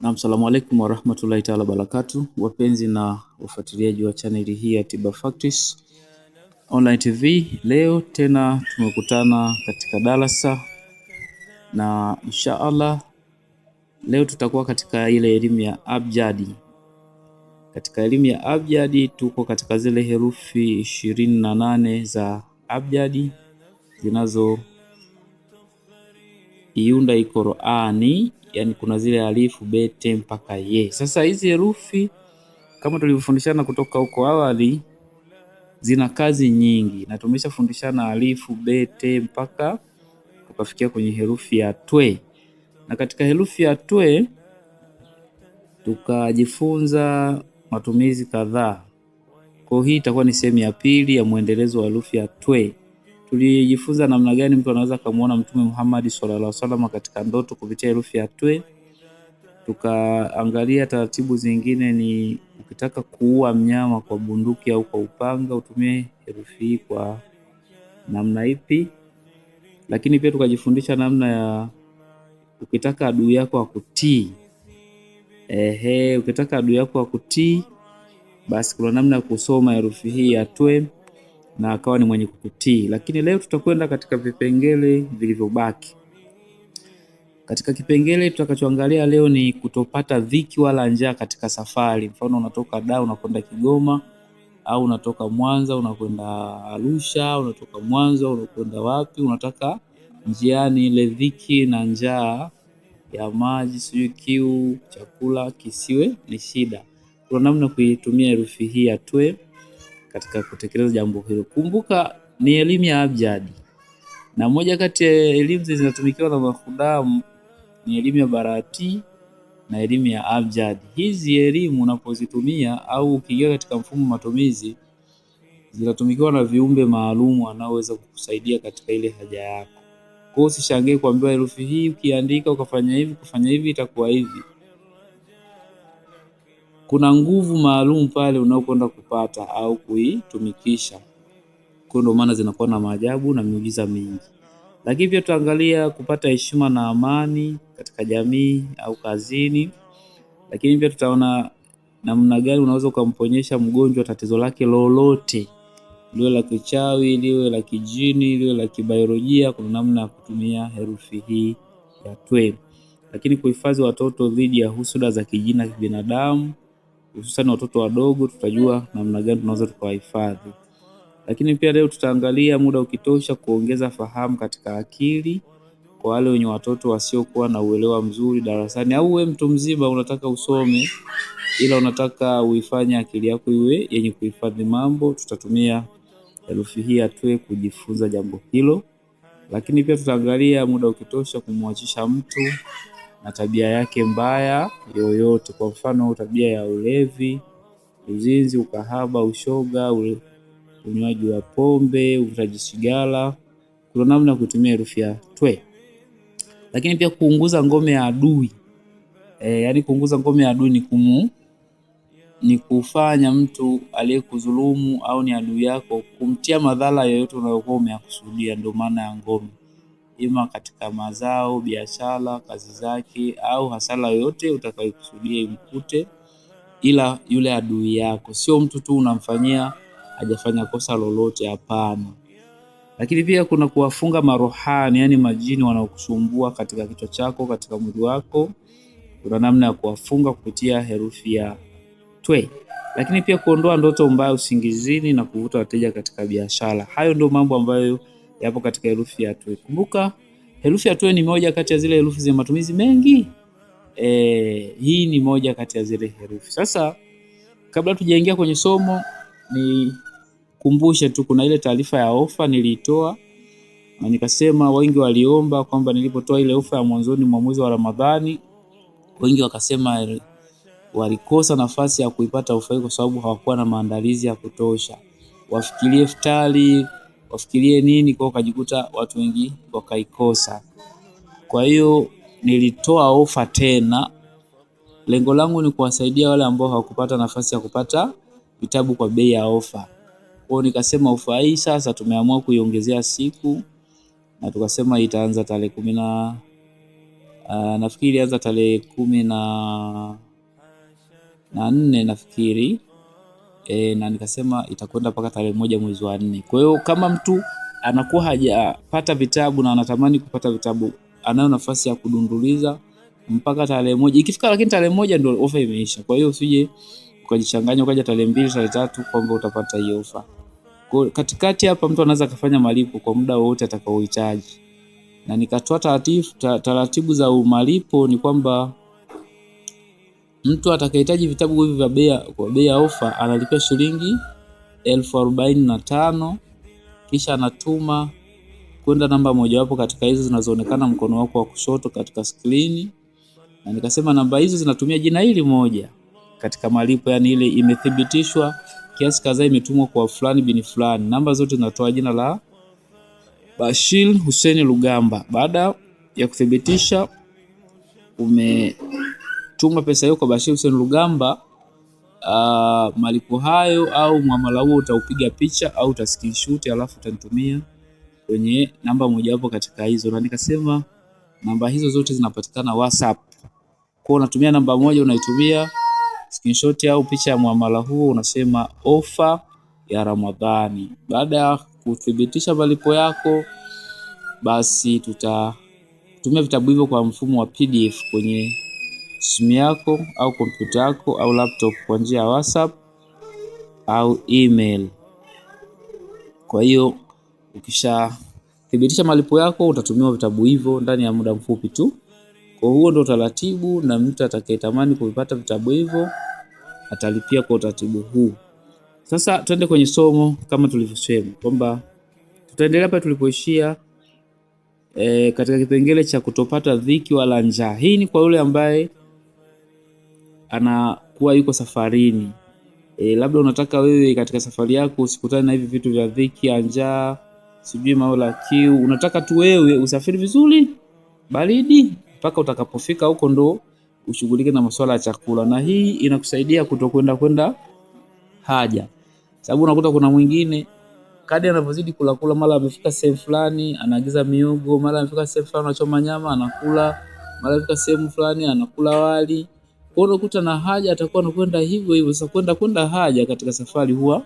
Naam, salamu alaikum warahmatullahi taala wabarakatu wapenzi na wafuatiliaji wa chaneli hii ya Tiba Facts Online TV. Leo tena tumekutana katika darasa na insha Allah leo tutakuwa katika ile elimu ya abjadi. Katika elimu ya abjadi tuko katika zile herufi ishirini na nane za abjadi zinazo iunda Qur'ani yani kuna zile alifu bete mpaka ye. Sasa hizi herufi kama tulivyofundishana kutoka huko awali zina kazi nyingi, na tumeshafundishana alifu bete mpaka tukafikia kwenye herufi ya twe, na katika herufi ya twe tukajifunza matumizi kadhaa. Kwa hiyo hii itakuwa ni sehemu ya pili ya mwendelezo wa herufi ya twe. Tulijifunza namna gani mtu anaweza akamwona Mtume Muhammad sallallahu alaihi wasallam katika ndoto kupitia herufi ya twe. Tukaangalia taratibu zingine, ni ukitaka kuua mnyama kwa bunduki au kwa upanga utumie herufi hii kwa namna ipi. Lakini pia tukajifundisha namna ya ukitaka adui yako akutii, ehe, ukitaka adui yako akutii, basi kuna namna ya kusoma herufi hii ya twe na akawa ni mwenye kukutii. Lakini leo tutakwenda katika vipengele vilivyobaki. Katika kipengele tutakachoangalia leo ni kutopata dhiki wala njaa katika safari. Mfano, unatoka Dar unakwenda Kigoma, au unatoka Mwanza unakwenda Arusha, unatoka Mwanza unakwenda wapi, unataka njiani ile dhiki na njaa ya maji, sijui kiu, chakula kisiwe ni shida. Kuna namna kuitumia herufi hii ya katika kutekeleza jambo hilo. Kumbuka ni elimu ya abjadi, na moja kati ya elimu zinatumikiwa na mahudamu ni elimu ya barati na elimu ya abjadi. Hizi elimu unapozitumia au ukiingia katika mfumo matumizi, zinatumikiwa na viumbe maalum wanaoweza kukusaidia katika ile haja yako. Kwa hiyo usishangae kuambiwa herufi hii ukiandika ukafanya hivi ukafanya hivi itakuwa hivi kuna nguvu maalum pale unaokwenda kupata au kuitumikisha. Kwa ndio maana zinakuwa na maajabu na miujiza mingi. Lakini pia tutaangalia kupata heshima na amani katika jamii au kazini. Lakini pia tutaona namna gani unaweza ukamponyesha mgonjwa tatizo lake lolote, liwe la kichawi, liwe la kijini, liwe la kibiolojia. Kuna namna ya kutumia herufi hii ya twe. Lakini kuhifadhi watoto dhidi ya husuda za kijina kibinadamu hususani watoto wadogo, tutajua namna gani tunaweza tukawahifadhi. Lakini pia leo tutaangalia muda ukitosha kuongeza fahamu katika akili kwa wale wenye watoto wasiokuwa na uelewa mzuri darasani, au wewe mtu mzima unataka usome ila unataka uifanye akili yako iwe yenye kuhifadhi mambo. Tutatumia herufi hii atwe kujifunza jambo hilo, lakini pia tutaangalia muda ukitosha kumwachisha mtu na tabia yake mbaya yoyote, kwa mfano tabia ya ulevi, uzinzi, ukahaba, ushoga, unywaji wa pombe, uvutaji sigara. Kuna namna ya kutumia herufi ya twe. Lakini pia kuunguza ngome ya adui e, yaani kuunguza ngome ya adui ni kumu ni kufanya mtu aliyekudhulumu au ni adui yako kumtia madhara yoyote unayokuwa umeyakusudia. Ndio maana ya ngome ima katika mazao, biashara, kazi zake au hasara yoyote utakayokusudia imkute, ila yule adui yako, sio mtu tu unamfanyia hajafanya kosa lolote, hapana. Lakini pia kuna kuwafunga marohani, yani majini wanaokusumbua katika kichwa chako, katika mwili wako, kuna namna ya kuwafunga kupitia herufi ya twe. Lakini pia kuondoa ndoto mbaya usingizini na kuvuta wateja katika biashara. Hayo ndio mambo ambayo yapo katika herufi ya tu Kumbuka herufi ya tu ni moja kati ya zile herufi zenye matumizi mengi. E, hii ni moja kati ya zile herufi. Sasa kabla tujaingia kwenye somo, nikumbushe tu kuna ile taarifa ya ofa niliitoa na nikasema wengi waliomba kwamba nilipotoa ile ofa ya mwanzoni mwa mwezi wa Ramadhani, wengi wakasema walikosa nafasi ya kuipata ofa hiyo kwa sababu hawakuwa na maandalizi ya kutosha. Wafikirie iftari wafikirie nini, kwa ukajikuta watu wengi wakaikosa. Kwa hiyo nilitoa ofa tena, lengo langu ni kuwasaidia wale ambao hawakupata nafasi ya kupata vitabu kwa bei ya ofa. hiyo nikasema ofa hii sasa tumeamua kuiongezea siku na tukasema itaanza tarehe kumi na uh, nafikiri ilianza tarehe kumi na na nne nafikiri e, na nikasema itakwenda mpaka tarehe moja mwezi wa nne. Kwa hiyo kama mtu anakuwa hajapata vitabu na anatamani kupata vitabu, anayo nafasi ya kudunduliza mpaka tarehe moja ikifika, lakini tarehe moja ndio ofa imeisha. Kwa hiyo usije ukajichanganya ukaja tarehe mbili, tarehe tatu kwamba utapata hiyo ofa. Kwa katikati hapa mtu anaweza kufanya malipo kwa muda wowote atakaohitaji, na nikatoa taratibu za malipo ni kwamba Mtu atakayehitaji vitabu hivi vya kwa bei ya ofa analipia shilingi elfu arobaini na tano kisha anatuma kwenda namba mojawapo katika hizo zinazoonekana mkono wako wa kushoto katika skrini, na nikasema namba hizi zinatumia jina hili moja katika malipo, yani ile imethibitishwa kiasi kadhaa imetumwa kwa fulani bin fulani. Namba zote zinatoa jina la Bashir Hussein Lugamba. Baada ya kuthibitisha ume tuma pesa hiyo kwa Bashir Hussein Lugamba. Uh, malipo hayo au mwamala huo utaupiga picha au uta screenshot, alafu utanitumia kwenye namba mojawapo katika hizo, na nikasema namba hizo zote zinapatikana WhatsApp. Kwa unatumia namba moja, unaitumia screenshot au picha ya mwamala huo, unasema ofa ya Ramadhani. Baada ya kuthibitisha malipo yako, basi tutatumia vitabu hivyo kwa mfumo wa PDF kwenye simu yako au kompyuta yako au laptop kwa njia ya WhatsApp au email. Kwa hiyo ukishathibitisha malipo yako utatumiwa vitabu hivyo ndani ya muda mfupi tu. Kwa huo ndo utaratibu, na mtu atakayetamani kuvipata vitabu hivyo atalipia kwa utaratibu huu. Sasa tuende kwenye somo kama tulivyosema kwamba tutaendelea pale tulipoishia e, katika kipengele cha kutopata dhiki wala njaa. Hii ni kwa yule ambaye anakuwa yuko safarini e, labda unataka wewe katika safari yako usikutane na hivi vitu vya dhiki, njaa, sijui la kiu. Unataka tu wewe usafiri vizuri baridi mpaka utakapofika huko ndo ushughulike na masuala ya chakula, na hii inakusaidia kutokwenda kwenda haja, sababu unakuta kuna mwingine kadi anavyozidi kula kula, mara amefika sehemu fulani anaagiza miogo, mara amefika sehemu fulani anachoma nyama anakula, mara amefika sehemu fulani anakula wali unakuta na haja atakuwa anakwenda hivyo hivyo. Sasa kwenda kwenda haja katika safari huwa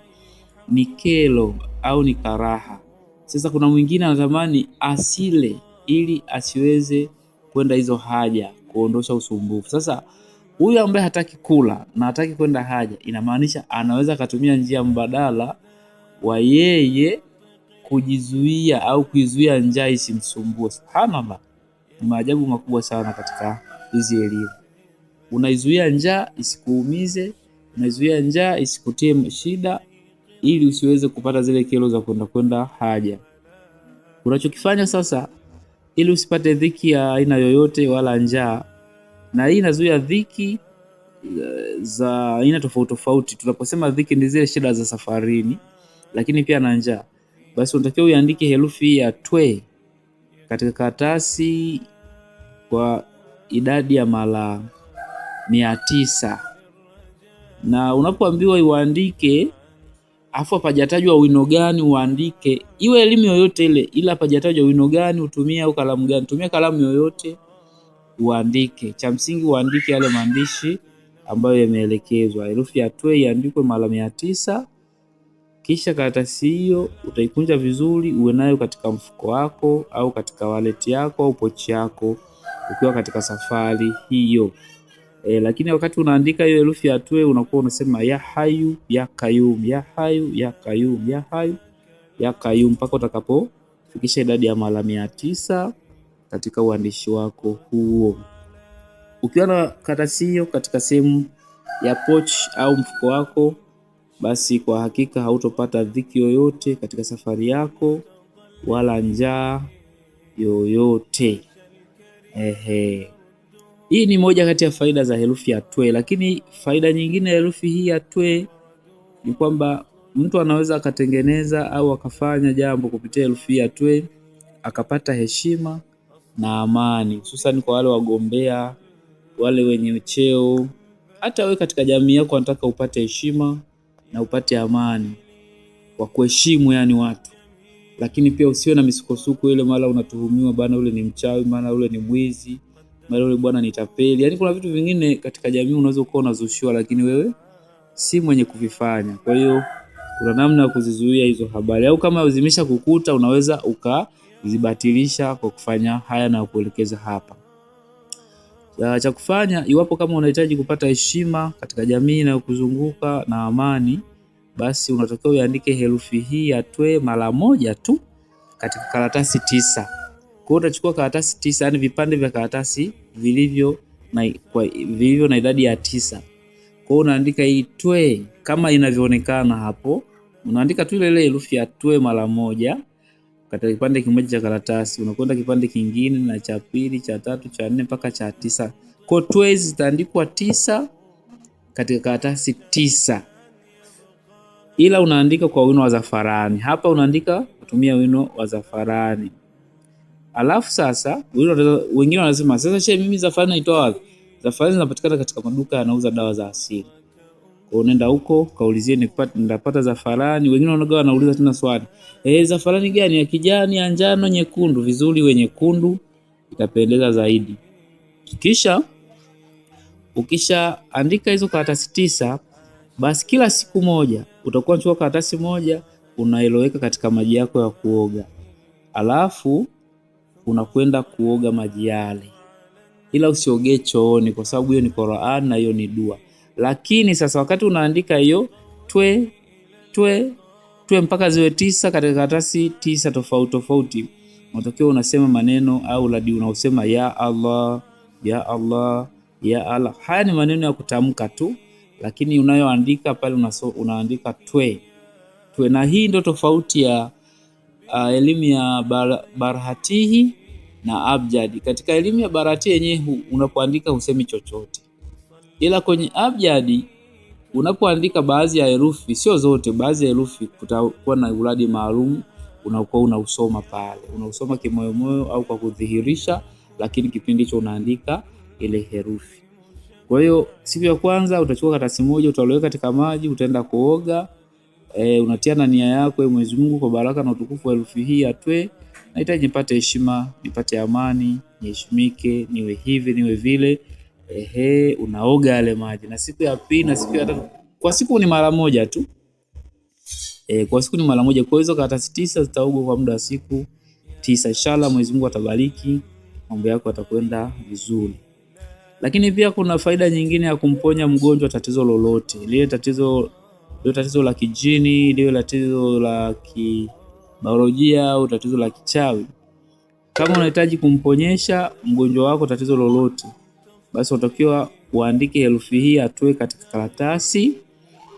ni kelo au ni karaha. Sasa kuna mwingine anatamani asile ili asiweze kwenda hizo haja, kuondosha usumbufu. Sasa huyu ambaye hataki kula na hataki kwenda haja, inamaanisha anaweza akatumia njia mbadala wa yeye kujizuia au kuizuia njaa isimsumbue. Subhanallah, ni maajabu makubwa sana katika hizi elimu. Unaizuia njaa isikuumize, unaizuia njaa isikutie shida, ili usiweze kupata zile kilo za kwenda kwenda haja. Unachokifanya sasa, ili usipate dhiki ya aina yoyote wala njaa, na hii inazuia dhiki eh, za aina tofauti tofauti. Tunaposema dhiki ni zile shida za safarini, lakini pia na njaa. Basi unatakiwa uiandike herufi ya twe katika karatasi kwa idadi ya mara mia tisa na unapoambiwa uandike afu hapajatajwa wino gani uandike, iwe elimu yoyote ile, ila hapajatajwa wino gani utumie au kalamu gani, tumia kalamu yoyote uandike. Cha msingi uandike yale maandishi ambayo yameelekezwa. Herufi ya twe iandikwe mara mia tisa. Kisha karatasi hiyo utaikunja vizuri, uwe nayo katika mfuko wako au katika wallet yako au pochi yako, ukiwa katika safari hiyo. E, lakini wakati unaandika hiyo herufi ya twe unakuwa unasema ya hayu ya kayum ya hayu ya kayum ya hayu ya kayum mpaka utakapofikisha idadi ya mara mia tisa katika uandishi wako huo. Ukiwa na karatasi hiyo katika sehemu ya poch au mfuko wako, basi kwa hakika hautopata dhiki yoyote katika safari yako wala njaa yoyote. Ehe. Hii ni moja kati ya faida za herufi ya twe, lakini faida nyingine ya herufi hii ya twe ni kwamba mtu anaweza akatengeneza au akafanya jambo kupitia herufi ya twe akapata heshima na amani, hususan kwa wale wagombea, wale wenye cheo. Hata wewe katika jamii yako unataka upate heshima na upate amani kwa kuheshimu, yani watu, lakini pia usiwe na misukosuko ile, mara unatuhumiwa bana, ule ni mchawi, mara ule ni mwizi mara yule bwana ni tapeli. Yaani kuna vitu vingine katika jamii unaweza kuwa unazushua, lakini wewe si mwenye kuvifanya. Kwa hiyo kuna namna ya kuzizuia hizo habari, au kama zimesha kukuta unaweza ukazibatilisha kwa kufanya haya na kuelekeza hapa cha kufanya. Iwapo kama unahitaji kupata heshima katika jamii inayokuzunguka na amani, basi unatakiwa uandike herufi hii ya twe mara moja tu katika karatasi tisa. Kwa hiyo utachukua karatasi tisa, yani vipande vya karatasi vilivyo na, kwa, vilivyo na idadi ya tisa. Kwa hiyo unaandika hii twe kama inavyoonekana hapo, unaandika tu ile ile herufi ya twe mara moja katika kipande kimoja cha karatasi, unakwenda kipande kingine na cha pili, cha tatu, cha nne mpaka cha tisa. Kwa hiyo twe zitaandikwa tisa katika karatasi tisa, ila unaandika kwa wino wa zafarani. Hapa unaandika kutumia wino wa zafarani. Alafu sasa wengine wanasema sasa, shehe, mimi Zafari naitoa wapi? Zafari zinapatikana katika maduka yanauza dawa za asili. Kwa hiyo nenda huko kaulizie, nikipata ndapata zafarani. Wengine wanaga wanauliza tena swali eh, zafarani gani? Ya kijani, ya njano, nyekundu? Vizuri, wenye kundu itapendeza zaidi. Kisha ukisha andika hizo karatasi tisa, basi kila siku moja utakuwa unachukua karatasi moja unailoweka katika maji yako ya kuoga, alafu unakwenda kuoga maji yale, ila usiogee chooni, kwa sababu hiyo ni Qur'an na hiyo ni dua. Lakini sasa wakati unaandika hiyo twe twe twe mpaka ziwe tisa katika karatasi tisa tofauti tofauti, unatokea unasema maneno au ladi unaosema ya Allah ya Allah ya Allah. Haya ni maneno ya kutamka tu, lakini unayoandika pale unaandika twe twe, na hii ndio tofauti ya uh, elimu ya bar, barhatihi na abjadi. Katika elimu ya barhatihi yenyewe unapoandika usemi chochote, ila kwenye abjadi unapoandika baadhi ya herufi, sio zote, baadhi ya herufi kutakuwa na uradi maalum unakuwa unausoma pale, unausoma kimoyomoyo au kwa kudhihirisha, lakini kipindi hicho unaandika ile herufi. Kwa hiyo siku ya kwanza utachukua karatasi moja, utaliweka katika maji, utaenda kuoga e, na nia yako, Mwenyezi Mungu, kwa baraka na utukufu wa herufi hii atwe naita nahitaji nipate heshima, nipate amani, niheshimike, niwe hivi, niwe vile. Ehe, unaoga yale maji, na siku ya pili na siku ya tatu, kwa siku ni mara moja tu e, kwa siku ni mara moja. Kwa hizo karatasi tisa zitaogwa kwa muda wa siku tisa. Inshallah, Mwenyezi Mungu atabariki mambo yako, atakwenda vizuri. Lakini pia kuna faida nyingine ya kumponya mgonjwa tatizo lolote lile, tatizo liwe tatizo la kijini, liwe tatizo la kibiolojia au tatizo la kichawi. Kama unahitaji kumponyesha mgonjwa wako tatizo lolote, basi unatakiwa uandike herufi hii, atoe katika karatasi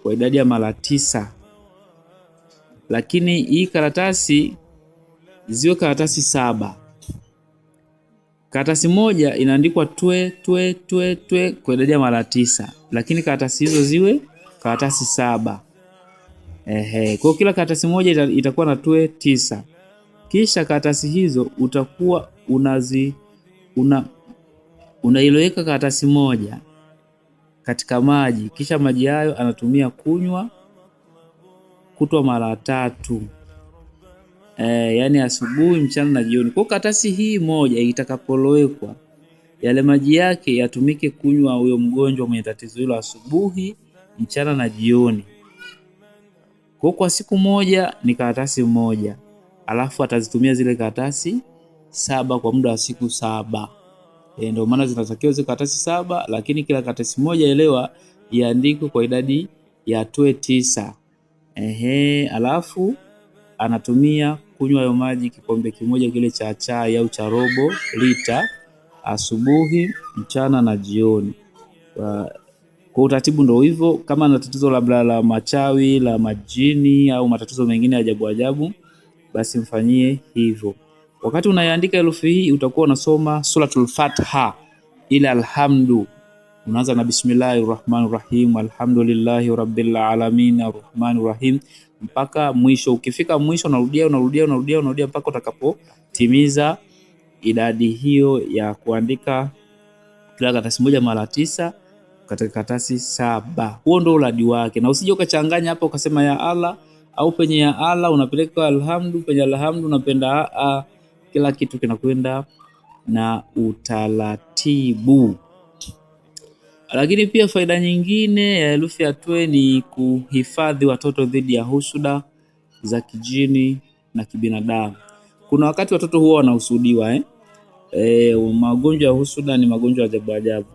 kwa idadi ya mara tisa. Lakini hii karatasi ziwe karatasi saba. Karatasi moja inaandikwa twe twe twe twe kwa idadi ya mara tisa, lakini karatasi hizo ziwe karatasi saba. Ehe, kwa kila karatasi moja itakuwa na tue tisa. Kisha karatasi hizo utakuwa unazi una unaiweka karatasi moja katika maji, kisha maji hayo anatumia kunywa kutwa mara tatu. E, yaani asubuhi, mchana na jioni. Kwa karatasi hii moja itakapolowekwa, yale maji yake yatumike kunywa huyo mgonjwa mwenye tatizo hilo asubuhi mchana na jioni. Kwa kwa siku moja ni karatasi moja, alafu atazitumia zile karatasi saba kwa muda wa siku saba. E, ndio maana zinatakiwa zile karatasi saba, lakini kila karatasi moja elewa iandikwe kwa idadi ya toe tisa. Ehe, alafu anatumia kunywa hayo maji kikombe kimoja kile cha chai au cha robo lita asubuhi, mchana na jioni. Kwa utaratibu ndo hivyo, kama na tatizo labda la machawi la majini au matatizo mengine ajabu ajabu, basi mfanyie hivyo. Wakati unaandika herufi hii utakuwa unasoma Suratul fatha ila alhamdu, unaanza na bismillahir rahmanir rahim, alhamdulillahi rabbil alamin, arrahmanir rahim mpaka mwisho. Ukifika mwisho unarudia unarudia unarudia unarudia mpaka utakapotimiza idadi hiyo ya kuandika kila karatasi moja mara tisa katika karatasi saba. Huo ndio uradi wake, na usije ukachanganya hapo ukasema ya Allah au penye ya Allah unapeleka alhamdu, penye alhamdu unapenda a, kila kitu kinakwenda na utaratibu. Lakini pia faida nyingine ya herufi ya twe ni kuhifadhi watoto dhidi ya husuda za kijini na kibinadamu. Kuna wakati watoto huwa wanahusudiwa eh? E, magonjwa ya husuda ni magonjwa ajabu ajabu.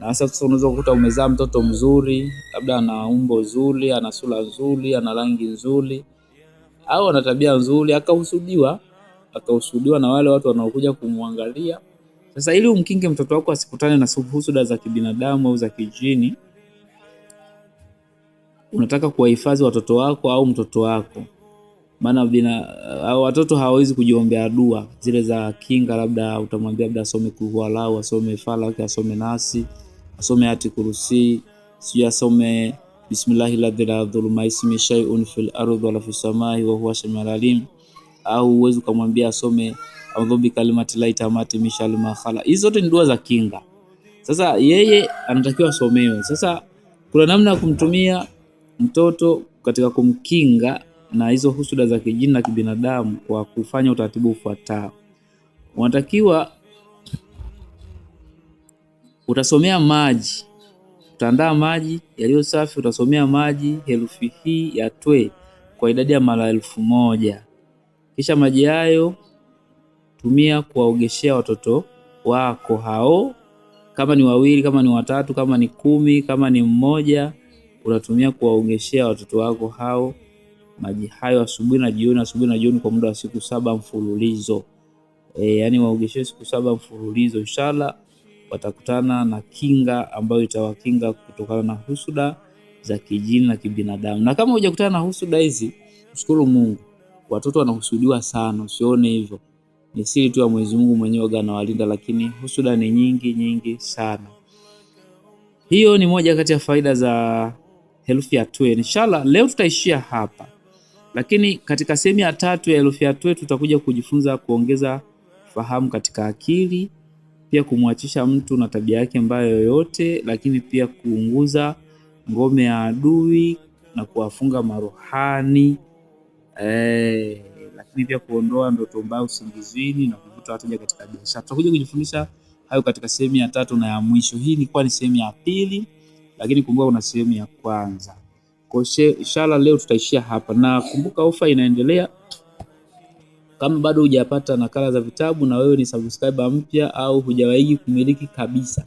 Na sasa unaweza kukuta umezaa mtoto mzuri, labda ana umbo zuri, ana sura nzuri, ana rangi nzuri, au ana tabia nzuri, akahusudiwa, akahusudiwa na wale watu wanaokuja kumwangalia. Sasa ili umkinge mtoto wako asikutane na husuda za kibinadamu au za kijini, unataka kuwahifadhi watoto wako au mtoto wako, maana bina watoto hawawezi kujiombea dua zile za kinga. Labda utamwambia labda asome kuhuwalau, asome falaki, asome nasi asome Ayati siu asome bismillahi ladhi la dhuluma ismi shay'un fil ardi wala fis samai wa huwa samiul alim, au uwezi ukamwambia asome audhubi kalimati la tamati mishal khala. Hizi zote ni dua za kinga. Sasa yeye anatakiwa asomewe. Sasa kuna namna ya kumtumia mtoto katika kumkinga na hizo husuda za kijini na kibinadamu kwa kufanya utaratibu ufuatao. Unatakiwa Utasomea maji, utaandaa maji yaliyo safi, utasomea maji herufi hii ya twe kwa idadi ya mara elfu moja. Kisha maji hayo tumia kuwaogeshea watoto wako hao, kama ni wawili, kama ni watatu, kama ni kumi, kama ni mmoja, unatumia kuwaogeshea watoto wako hao maji hayo asubuhi na jioni, asubuhi na jioni, kwa muda wa siku saba mfululizo. E, eh, yani waogeshe siku saba mfululizo, inshallah watakutana na kinga ambayo itawakinga kutokana na husuda za kijini na kibinadamu. Na kama hujakutana na husuda hizi, mshukuru Mungu. Watoto wanahusudiwa sana, usione hivyo, ni siri tu ya Mwenyezi Mungu mwenyewe anawalinda, lakini husuda ni nyingi nyingi sana. Hiyo ni moja kati ya faida za herufi ya twe. Inshallah leo tutaishia hapa, lakini katika sehemu ya tatu ya herufi ya twe tutakuja kujifunza kuongeza fahamu katika akili pia kumwachisha mtu na tabia yake mbaya yoyote, lakini pia kuunguza ngome ya adui na kuwafunga maruhani eh, lakini pia kuondoa ndoto mbaya usingizini na kuvuta wateja katika biashara. Tutakuja kujifundisha hayo katika sehemu ya tatu na ya mwisho. Hii ilikuwa ni sehemu ya pili, lakini kumbuka kuna sehemu ya kwanza. Kwa inshallah leo tutaishia hapa, na kumbuka ofa inaendelea kama bado hujapata nakala za vitabu na wewe ni subscriber mpya au hujawahi kumiliki kabisa,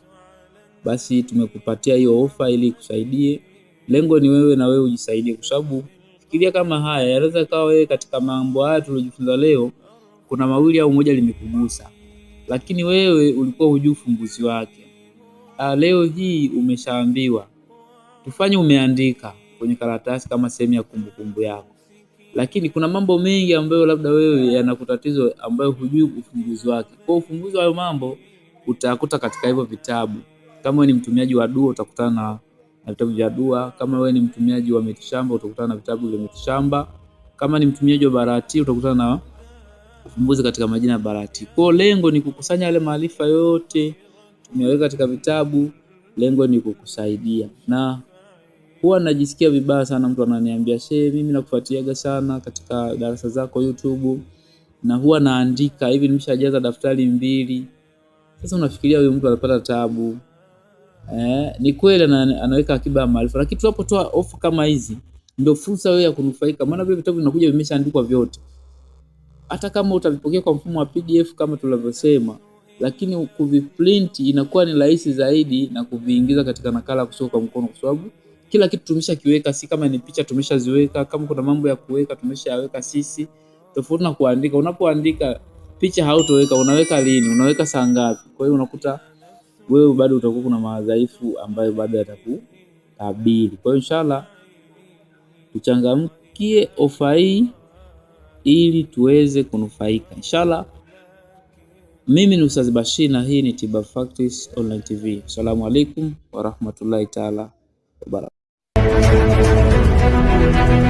basi tumekupatia hiyo ofa ili kusaidie. Lengo ni wewe na wewe ujisaidie, kwa sababu fikiria kama haya yanaweza kawa wewe katika mambo haya tuliojifunza leo, kuna mawili au moja limekugusa, lakini wewe ulikuwa hujui ufumbuzi wake. A, ah, leo hii umeshaambiwa, tufanye umeandika kwenye karatasi kama sehemu ya kumbukumbu yako lakini kuna mambo mengi ambayo labda wewe yana ambayo hujui ufumbuzi wake. Kwa ufumbuzi wa hayo mambo utakuta katika hivyo vitabu. Kama wewe ni mtumiaji wa dua utakutana na, na vitabu vya dua. Kama wewe ni mtumiaji wa mitishamba utakutana na vitabu vya mitishamba. Kama ni mtumiaji wa barati utakutana na ufumbuzi katika majina ya barati. Kwa lengo ni kukusanya yale maarifa yote tumeweka katika vitabu, lengo ni kukusaidia na huwa najisikia vibaya sana mtu ananiambia she, mimi nakufuatiliaga sana katika darasa zako YouTube na huwa naandika hivi, nimeshajaza daftari mbili. Sasa unafikiria huyu mtu anapata taabu eh? Ni kweli anaweka akiba ya maarifa, lakini tunapotoa ofa kama hizi ndio fursa wewe ya kunufaika, maana vile vitabu vinakuja vimeshaandikwa vyote, hata kama utavipokea kwa mfumo wa PDF kama tulivyosema, lakini kuviprint inakuwa ni rahisi zaidi na kuviingiza katika nakala kusoka kwa mkono kwa sababu kila kitu tumeshakiweka, si kama ni picha tumeshaziweka, kama kuna mambo ya kuweka tumeshayaweka sisi, tofauti na kuandika. Unapoandika picha hautoweka, unaweka lini? Unaweka saa ngapi? Kwa hiyo unakuta wewe bado utakuwa kuna madhaifu ambayo bado yatakukabili. Kwa hiyo inshallah tuchangamkie ofa hii ili tuweze kunufaika inshallah. Mimi ni Ustaz Bashir na hii ni Tiba Facts Online TV. Assalamu alaikum warahmatullahi taala wabarakatuh. Gracias.